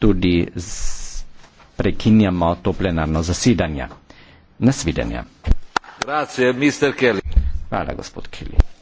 tudi z... prekinjamo to plenarno zasedanje. Nasvidenja. Grazie, Hvala, gospod Kelly.